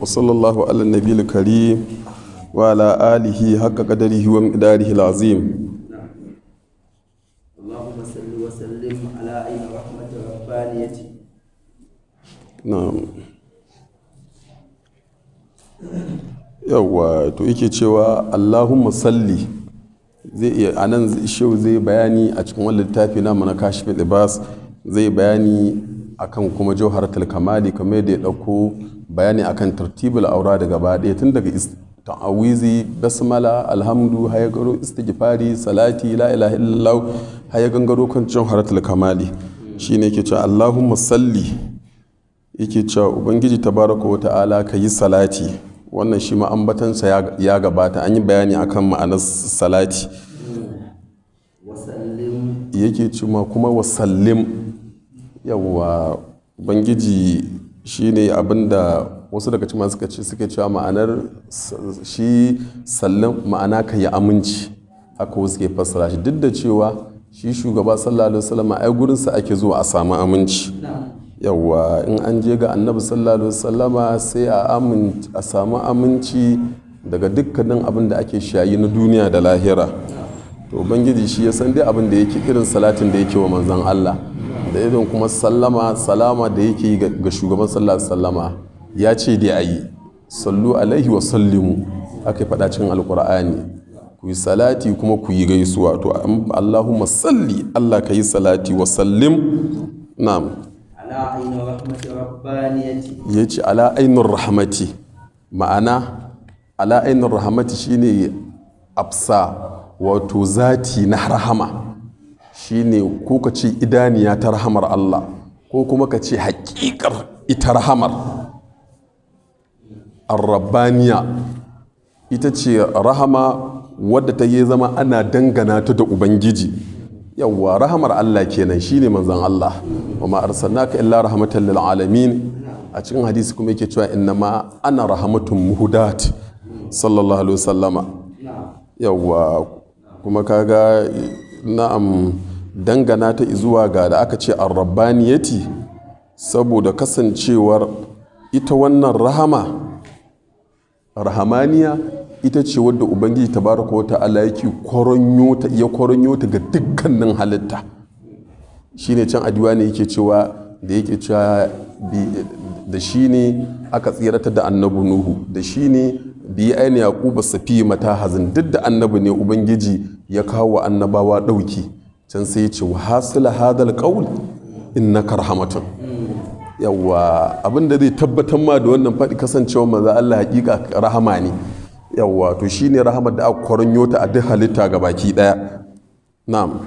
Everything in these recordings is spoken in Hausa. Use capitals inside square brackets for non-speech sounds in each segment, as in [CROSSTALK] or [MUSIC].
وصلى الله على النبي الكريم وعلى آله حق قدره ومقداره العظيم اللهم yawwa to yake cewa allahumma salli zai iya anan shehu zai bayani a cikin wani littafi na mana kashi libas zai bayani akan kuma jauhar talkamali kamar da ya ɗauko bayani akan tartibul aura da gaba ɗaya tun daga ta'awizi basmala alhamdu haya garo istighfari salati la ilaha illallah haya gangaro kan cin haratul kamali shine yake cewa allahumma salli yake cewa ubangiji tabaraka wa ta'ala kayi salati wannan shi ma ambatansa ya gabata an yi bayani akan ma'anar salati yake cewa kuma wasallim yawa ubangiji shi shine abinda wasu daga cikin suka ce suke cewa ma'anar shi sallan ma'ana ka yi aminci haka wasu ke fassara shi duk da cewa shi shugaba sallallahu alaihi wasallam ai gurinsa ake zuwa a samu aminci yawa in an je ga annabi sallallahu alaihi sai a samu aminci daga dukkanin abin da ake shayi na duniya da lahira to bangiji shi ya san dai abin da yake irin salatin da yake wa manzon Allah da irin kuma sallama salama da yake ga shugaban sallah sallama ya ce dai ayi, sallu alaihi wa sallimu aka faɗa cikin alkur'ani ku yi salati kuma ku yi gaisuwa to allahumma salli allah ka yi salati wa sallim na'am ya ce ala ainihin rahmati ma'ana ala ainihin rahamati shine absa wato zati na rahama shine ko ka ce idaniya ta rahamar Allah ko kuma ka ce haƙiƙar ita rahamar arrabaniya ita ce rahama wadda ta yi zama ana dangana ta da ubangiji yawwa rahamar Allah kenan shine manzan Allah wa ma arsalnaka illa rahmatan lil alamin a cikin hadisi kuma yake cewa inna ma ana rahamatun muhudat sallallahu alaihi wasallama yawwa kuma kaga na'am dangana ta zuwa ga da aka ce arrabbaniyati saboda kasancewar ita wannan rahama rahamaniya ita ce wadda ubangiji ta wa wata yake koronyo ta iya koronyo ta ga dukkanin halitta shine can adiwa ne yake cewa da yake cewa da shi ne aka tsirata da Annabu nuhu da shi ne bi aini yaquba safi mata hazin duk da annabi ne ubangiji ya kawo annabawa ɗauki can sai ce wa hasila hadal in na karhamatun yawa abinda zai tabbatar ma da wannan faɗi kasancewa maza Allah hakika rahama ne yawa to shine rahamar da aka kwaranyo ta a duk halitta ga baki daya na'am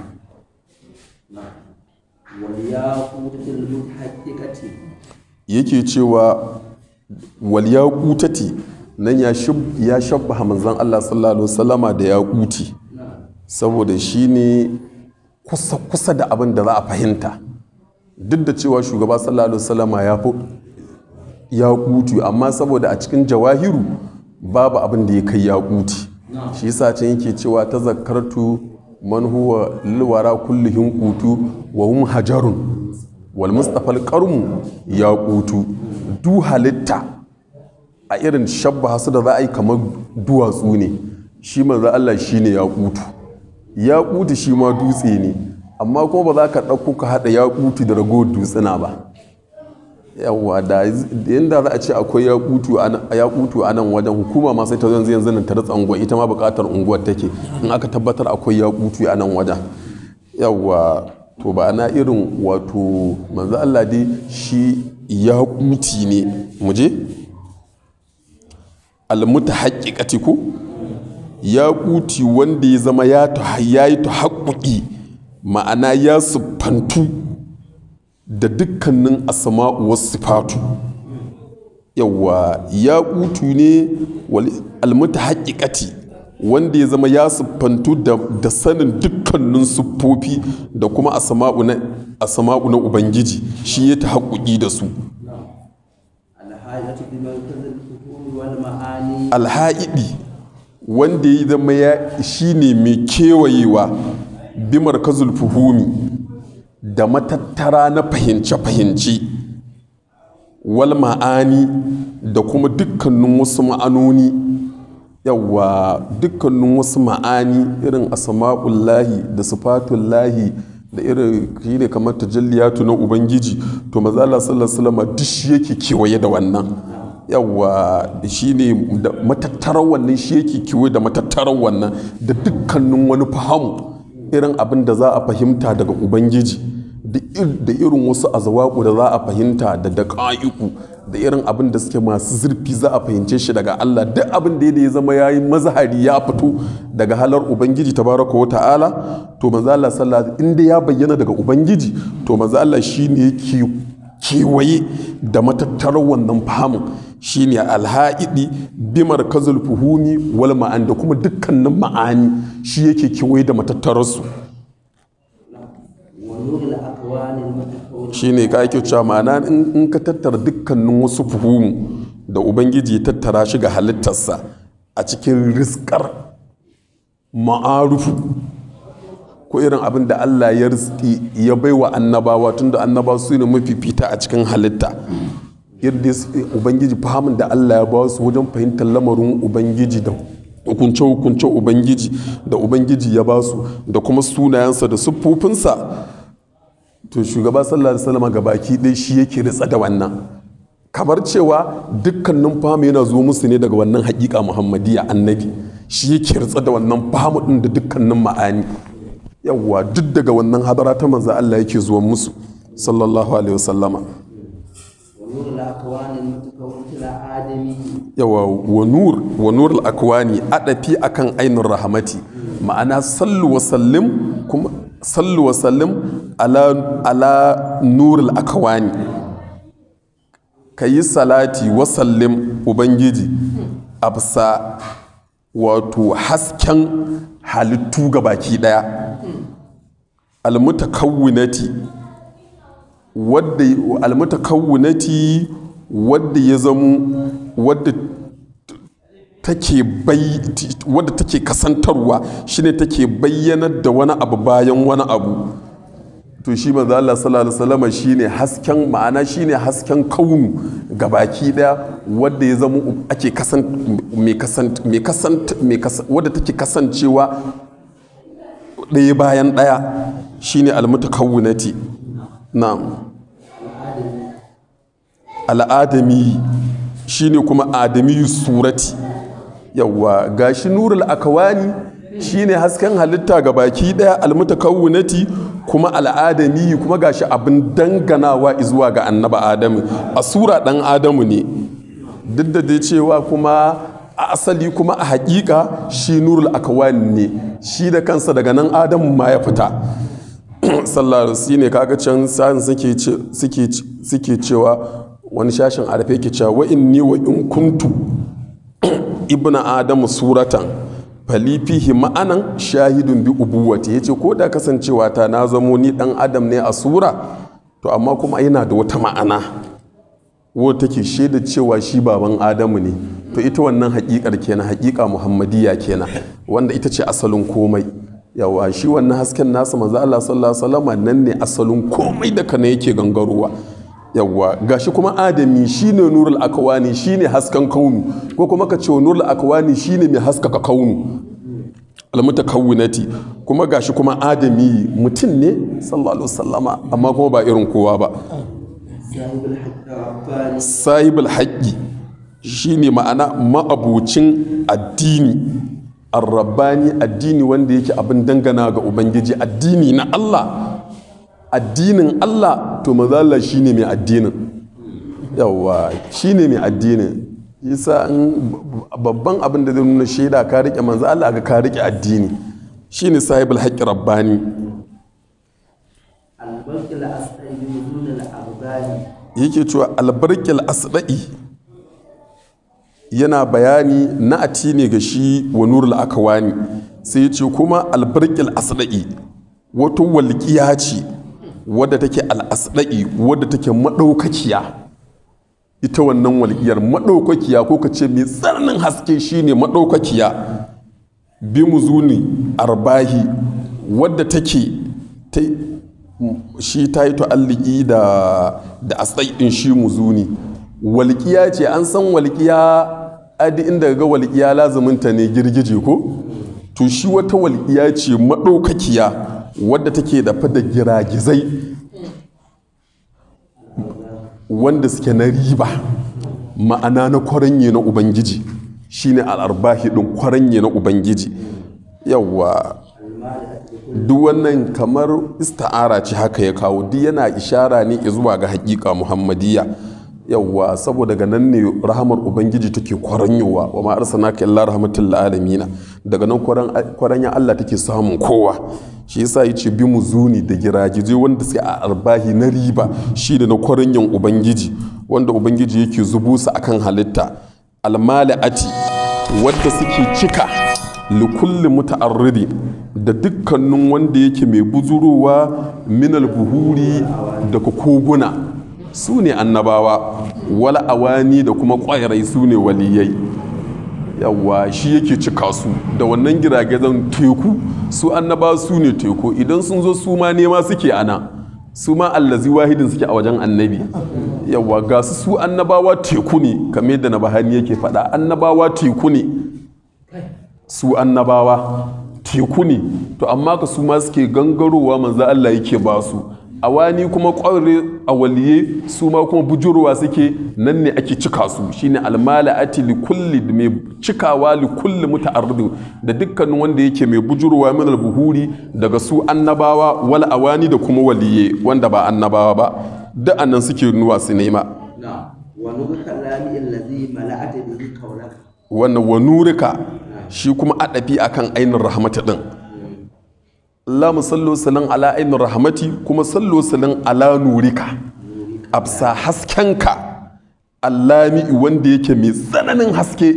yake cewa wal kutati nan ya shabba manzon Allah sallallahu alaihi wasallama da kuti. saboda shine kusa-kusa da abin da za a fahimta duk da cewa shugaba sallallahu alaihi ya fi ya kutu amma saboda a cikin jawahiru babu abin da ya kai ya kuti shi yasa can yake cewa ta zakartu man huwa lilwara kullihin kutu wa hum hajarun wal mustafal qarmu ya kutu du halitta a irin shabba hasu da za a yi kamar duwatsu ne shi manzo Allah shine ya kutu yaƙuti shi ma dutse ne amma kuma ba za ka ɗauko ka haɗa yaƙuti da ragowar dutsuna ba yawwa da yadda za a ce akwai yaƙutu a nan wajen hukuma ma sai ta zanzu yanzu nan ta unguwa ita ma buƙatar unguwar take in aka tabbatar akwai yaƙutu a nan wajen yawwa to ba ana irin wato manzo Allah dai shi yaƙuti ne muje almuta haƙiƙati ko ya kuti wanda ya zama ya yi ta ma'ana ya siffantu da dukkanin asama'uwar wasu sifatu yawa ya kutu ne almuta haƙiƙati wanda ya zama ya siffantu da sanin dukkanin siffofi da kuma asama'u na ubangiji shi ya ta da su alha'idi wanda ya zama ya shi ne mai kewayewa bi markazul fuhumi da matattara na fahimce-fahimce wal ma'ani da kuma dukkanin wasu ma'anoni yawa dukkanin wasu ma'ani irin asama'ullahi da sifatullahi da irin shi ne kamar tajalliyatu na ubangiji to maza sallallahu alaihi wasallam duk yake kewaye da wannan yawa shi ne da matattarar wannan shi yake kiwo da matattarar wannan da dukkanin wani fahamu irin abin da za a fahimta daga ubangiji da irin wasu azawaku da za a fahimta da da ƙa'iku da irin abin da suke masu zurfi za a fahimce shi daga Allah duk abin da ya zama ya yi mazahari ya fito daga halar ubangiji baraka wa ta'ala to manzo Allah sallallahu inda ya bayyana daga ubangiji to manzo Allah shine yake kewaye da matattarar wannan fahamin shine alha'idi bimar kazul fuhumi wal ma'an da kuma dukkanin ma'ani shi yake kewaye da matattararsu shine ka ake cewa ma'ana in ka tattara dukkanin wasu fuhumu da ubangiji ya tattara shi ga halittarsa a cikin riskar ma'arufu ko irin abin da Allah ya rizki ya baiwa annabawa tunda annaba su ne mafifita a cikin halitta yadda ubangiji fahimin da Allah ya ba su wajen fahimtar lamarin ubangiji da hukunce-hukunce ubangiji da ubangiji ya ba su da kuma sunayensa da siffofinsa to shugaba sallallahu alaihi wasallam baki dai shi yake ritsa da wannan kamar cewa dukkanin fahimu yana zo musu ne daga wannan haƙiƙa muhammadiya annabi shi yake ritsa da wannan fahimu ɗin da dukkanin ma'ani yawwa duk daga wannan hadara ta manzo Allah yake zuwa musu sallallahu alaihi wasallama yawa wa nur wa nur al-akwani adafi akan ainur rahmati ma'ana sallu wa sallim kuma sallu wa sallim ala ala nur al-akwani kayi salati wa sallim ubangiji a bisa wato hasken halittu ga baki ɗaya almutakawwinati wadda almutakawwinati wadda ya zamo wadda take bai wadda take kasantarwa shine take bayyanar da wani abu bayan wani abu to shi manzo Allah sallallahu alaihi wasallam shine hasken ma'ana shine hasken kaunu gabaki daya wanda ya zama ake kasan me kasan me kasan me kasan wanda take kasancewa daya bayan daya shine almutakawwinati na'am al'adami shine kuma adami surati yawwa gashi nurul akawani shine hasken halitta ga baki daya almutakawwinati kuma al'adami kuma gashi abin danganawa zuwa ga annaba adamu a sura dan adamu ne duk da dai cewa kuma a asali kuma a hakika shi nurul akawani ne shi da kansa daga nan adamu ma ya fita [CLEARS THROAT] sallarisi ne kaga can sa'in suke cewa wani shashin arafe ke cewa wa'in ni wa kuntu [CLEARS THROAT] ibna adamu suratan falifihi ma'anan shahidun bi ubuwati yace ko da kasancewa ta na zamo ni dan adam ne a sura to amma kuma yana da wata ma'ana wata take shaida cewa shi baban adamu ne to ita wannan hakikar kenan hakika muhammadiyya kenan wanda ita ce asalin komai yawa shi wannan hasken nasa manzo Allah sallallahu alaihi nan ne asalin komai da kana yake gangarowa yawwa gashi kuma adami shine nurul akwani shine haskan kaunu ko kuma ka ce nurul akwani shine mai haskaka kaunu almutakawwinati kuma gashi kuma adami mutum ne sallallahu alaihi amma kuma ba irin kowa ba sahibul haqqi shine ma'ana ma'abucin addini arrabani addini wanda yake abin dangana ga ubangiji addini na Allah addinin Allah to maza Allah shine mai addinin shi shine mai addinin yasa babban abin da zai nuna shaida ka rike manzo Allah ga ka rike addini shine sahibul haqqi rabbani yake cewa albarkil asbai yana bayani na ati ne ga shi wa nurul akawani sai ya ce kuma albarkil asda'i wato walƙiya ce wadda take al'asɗa'i wadda take maɗaukakiya ita wannan walƙiyar maɗaukakiya ko ka ce mai tsananin haske ne maɗaukakiya bi muzuni arbahi wadda take shi ta yi ta'alliki da da ɗin shi muzuni walƙiya ce an san walƙiya adi inda ga walƙiya lazuminta ne girgije ko to shi wata walƙiya ce maɗaukakiya wadda take dafa da giragizai wanda suke na riba ma'ana na kwaranye na ubangiji shine al'arbahi ɗin kwaranye na ubangiji yawwa duk wannan kamar ista'ara ce haka ya kawo duk yana ishara ne zuwa ga hakika muhammadiyya yawwa saboda daga nan ne rahamar ubangiji take kwaranyowa wa ma ka illa rahmatul alamin daga nan kwaranya Allah take samun kowa shi yasa yace bi mu zuni da Zai wanda sai a arbahi na riba shi da na yan ubangiji wanda ubangiji yake zubusa akan halitta almalati wadda suke cika kulli muta'arridi da dukkanin wanda yake mai buzurowa minal buhuri daga koguna su ne annabawa wala awani da kuma kwayarai su ne waliyai yawa shi yake cika su da wannan zan teku su annaba su ne teku idan sun zo su ma nema suke ana su ma allazi wahidin suke a wajen annabi yawa ga su su annabawa teku ne kamar yadda na bahani yake faɗa annabawa teku ne su annabawa teku ne to amma ka su ma suke gangarowa manzo Allah yake ba su awani kuma ƙwarri a waliye su ma kuma bujurwa suke nan ne ake cika su shine almala ati li kulli mai cikawa li kulli muta'arridu da dukkanin wanda yake mai bujurwa min buhuri daga su annabawa wal awani da kuma waliye wanda ba annabawa ba da annan suke nuwa su nema wannan wanurika shi kuma adafi akan ainihin rahmatu din Allahumma sallo salin ala ainihin rahmati kuma sallo salin ala nurika absa haskenka allami wanda yake mai tsananin haske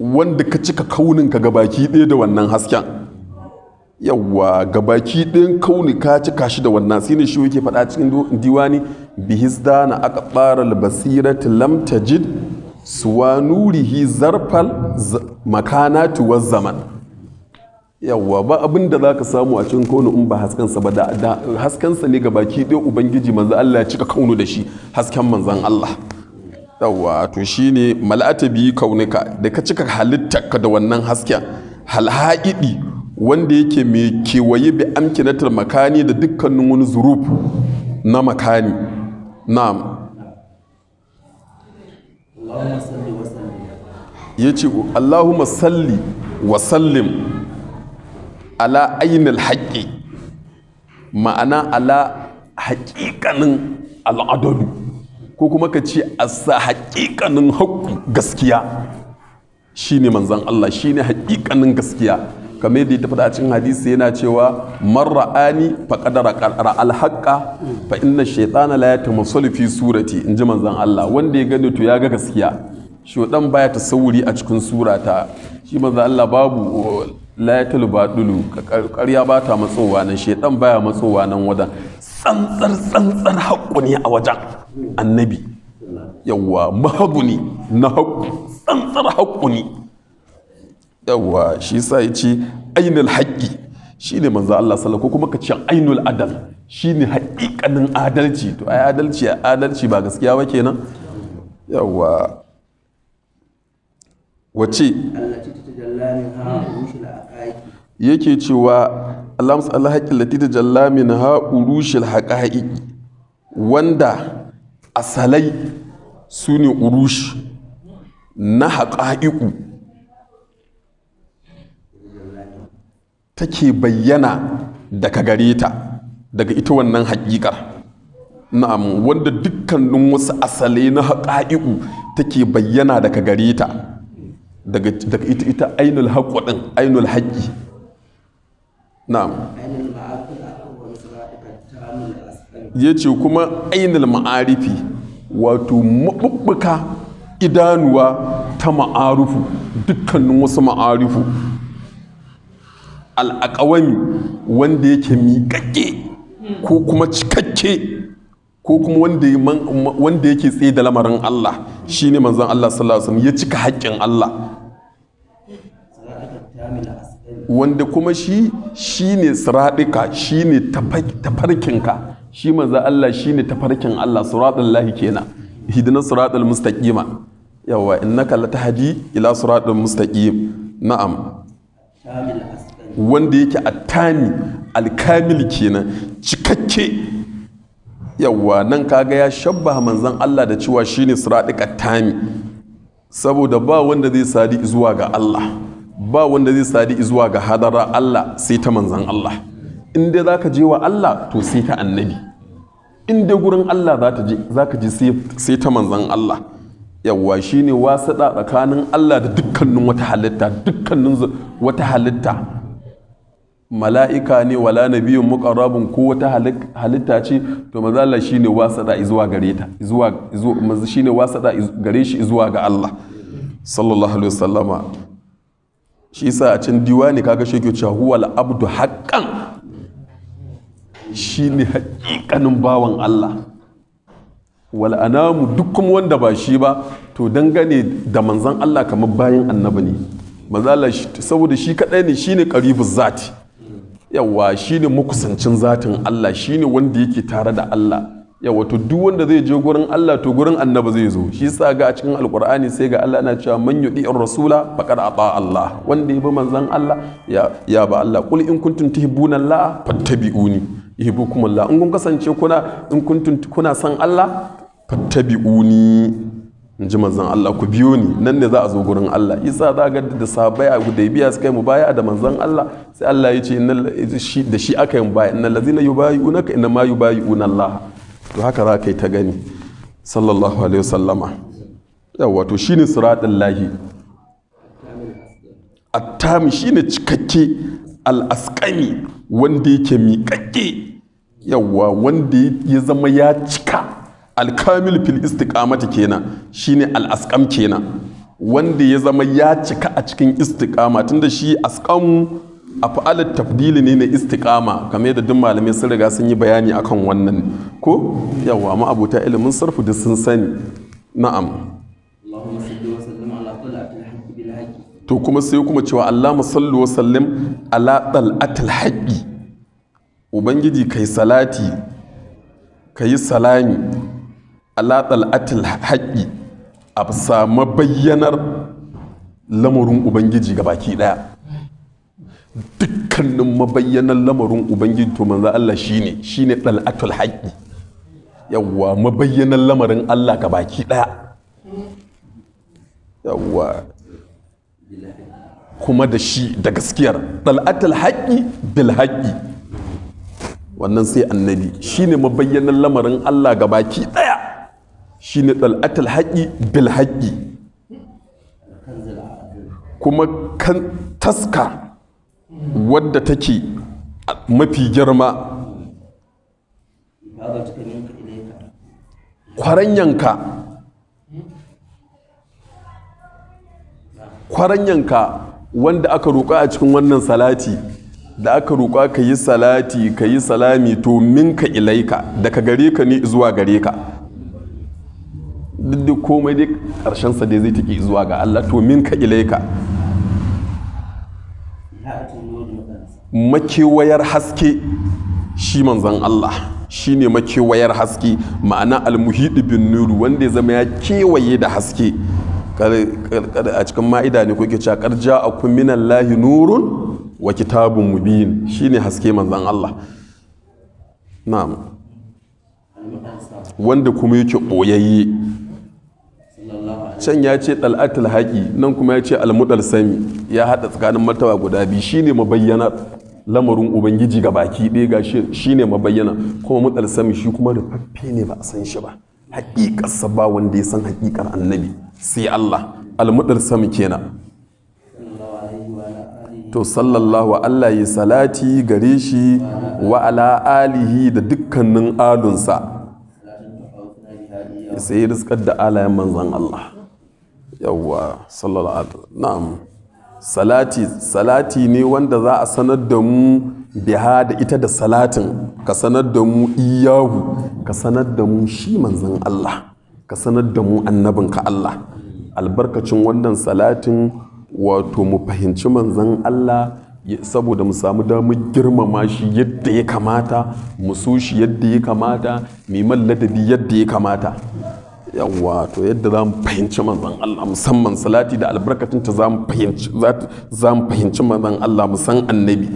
wanda ka cika kauninka gabaki ɗaya da wannan hasken yawwa gabaki ɗayan kauni ka cika shi da wannan sai ne shi yake faɗa cikin diwani bihizda na aka ɓara albasirati lam tajid suwa nurihi zarfal tuwar zaman yawwa ba abin da za ka samu a cikin kone in ba haskensa ba da haskensa ne ga baki ɗaya ubangiji manzan Allah ya cika kaunu da shi hasken manzan Allah yawwa to shine mal'ata biyu kaunuka da ka cika ka da wannan hasken halha'idi wanda yake mai kewaye bi amkinatar makani da dukkanin wani zuruf na makani na ya ce Allahumma salli wa sallim ala ainihin haƙƙi ma'ana ala haƙiƙanin al'adadu ko kuma ka ce a sa haƙiƙanin haƙƙu gaskiya shi ne manzan Allah shi ne haƙiƙanin gaskiya kamar yadda ya tafi a cikin hadisi yana cewa marra'ani fa qadara qara alhaqqa fa inna shaytana la yatamassalu fi surati inji manzan Allah wanda ya gani to ya ga gaskiya ɗan baya ta sauri a cikin surata shi manzan Allah babu layatul badulu ƙarya ba ta matsowa nan shaidan baya matsowa nan wajen tsantsar tsantsar haƙƙu ne a wajen annabi yawwa mahabu ne na haƙƙu tsantsar haƙƙu ne yawwa shi sa ya ce ainul haƙƙi shi ne manzo Allah sallallahu ko kuma ka ce ainul adal shi ne haƙiƙanin adalci to ai adalci adalci ba gaskiya ba kenan yawwa wace yake cewa alamus alhaƙin latita jallamin ha urushil haƙa'i wanda asalai su ne urush na haƙa'iku take bayyana daga gare ta daga ita wannan haƙiƙar na'am wanda dukkanin wasu asalai na haƙa'iku take bayyana daga gare ta daga ita ita ainul haqqo din ainul haqqi na'am ce kuma ainul ma'arifi wato maɓuɓɓuka idanuwa ta ma'arufu dukkanin wasu ma'arufu al'akawani wanda yake miƙaƙe ko kuma cikakke ko kuma wanda yake tsaye da lamarin Allah Shi ne manzan Allah sallallahu alaihi wasallam ya cika haƙƙin Allah wanda kuma shi shi ne shine shi ne tafarkinka shi manzan Allah shi ne tafarkin Allah siratal lahi kenan hidina siratal mustaqima yawa innaka latahdi ila siratal mustaqim na'am wanda yake tani alkamil kenan cikakke yawwa nan kaga ya shabba manzan Allah da cewa shine siratika tami saboda ba wanda zai sadi zuwa ga Allah ba wanda zai sadi zuwa ga hadara Allah sai ta manzan Allah in dai zaka je wa Allah to sai ta annabi in dai gurin Allah za ta je zaka je sai ta manzan Allah yawwa shine wasaɗa tsakanin Allah da dukkanin wata halitta dukkanin wata halitta mala'ika ne wala biyun muqarrabun ko wata halitta ce to manzo Allah shine da zuwa gare ta zuwa manzo shine wasada gare shi zuwa ga Allah sallallahu alaihi wasallama shi sa a can diwani kaga shi ke cewa huwal abdu Shi ne haƙiƙanin bawan Allah wal anamu dukkan wanda ba shi ba to dangane da manzan Allah kamar bayan annabi ne manzo saboda shi kaɗai ne shi ne ƙarifin zati yawa ne mukusancin zatin Allah Shi ne wanda yake tare da Allah yawa to duk wanda zai je gurin Allah to gurin annaba zai zo shi sa ga a cikin alkur'ani sai ga Allah na cewa man yudi rasula faqad ata Allah wanda ya bi manzon Allah ya ya ba Allah qul in kuntum tuhibbuna Allah fattabi'uni yuhibbukum Allah in kun kasance kuna in kuntum kuna san Allah fattabi'uni in ji manzan Allah ku biyo ni nan ne za a zo gurin Allah isa za ga da sahabbai a hudaybiya suka yi mu baya da manzan Allah sai Allah ya ce shi da shi aka yi mu baya innal ladzina yubayyi'unaka inna ma yubayyi'una Allah to haka za ka yi ta gani sallallahu alaihi wasallama yawa to shine siratul lahi shi shine cikakke al'askami wanda yake miƙaƙe, yawa wanda ya zama ya cika alkamil fil istiqamati kenan shine al'askam kenan wanda ya zama ya cika a cikin istiqama tunda shi asqam a fa'alar tafdili ne na istiqama kamar yadda duk malamai sun riga sun yi bayani akan wannan ko yawa ma abota ilimin sarfu da sun sani na'am to kuma sai kuma cewa Allah musallu wa sallim ala tal'atul haqqi ubangiji kai salati kai salami alatsal atil haƙi a samu bayyanar lamarin ubangiji ga baki ɗaya dukkanin mabayyanar lamarin ubangiji to manzo Allah shine shine dal'atul haƙi yawwa mabayyanar lamarin Allah ga baki ɗaya yawwa kuma da shi da gaskiyar dal'atul haƙi bil haƙi wannan sai annabi shine mabayyanar lamarin Allah ga baki ɗaya shine dal'atul haƙƙi bil haƙƙi kuma kan taska wadda take mafi girma kwaranyanka kwaranyanka wanda aka roƙa a cikin wannan salati da aka roƙa ka yi salati ka yi salami to minka ilaika daga gare ka ne zuwa gare ka duk da komai dai karshen sa dai zai take zuwa ga Allah to min ka ilaika makewayar haske shi manzon Allah Shi shine makewayar haske ma'ana almuhidi bin nuru wanda ya zama ya kewaye da haske a cikin ma'ida ne kuke cewa karja a kuminan lahi nurun wa kitabun mubin ne haske manzan Allah na'am wanda kuma yake ɓoyayye can ya ce ɗal'atul haƙi nan kuma ya ce almudal sami ya haɗa tsakanin martaba guda biyu shine mabayyana lamarin ubangiji ga baki ɗaya ga shi shine mabayyana kuma mudal sami shi kuma rufaffe ne ba a san shi ba haƙiƙarsa ba wanda ya san haƙiƙar annabi sai Allah almudal sami kenan to sallallahu Allah ya salati gare shi wa ala alihi da dukkanin alunsa sai riskar da alayen manzan Allah yawwa sallallahu na'am salati salati ne wanda za a sanar da mu biha da ita da salatin ka sanar da mu iyahu ka sanar da mu shi manzon Allah ka sanar da mu annabinka Allah albarkacin wannan salatin wato mu fahimci manzon Allah saboda mu samu damar girmama shi yadda ya kamata mu so shi yadda ya kamata mai ladabi yadda ya kamata yawwa to yadda za mu fahimci manzon Allah musamman salati da albarkacinta za mu fahimci za mu fahimci manzon Allah musan annabi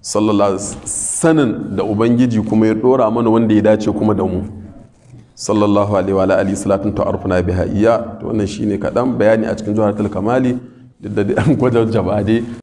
sallallahu sanin da ubangiji kuma ya dora mana wanda ya dace kuma da mu sallallahu alaihi wa alihi salatin ta arfuna biha iya to wannan shine kadan bayani a cikin jawharatul kamali duk da an gwada jabade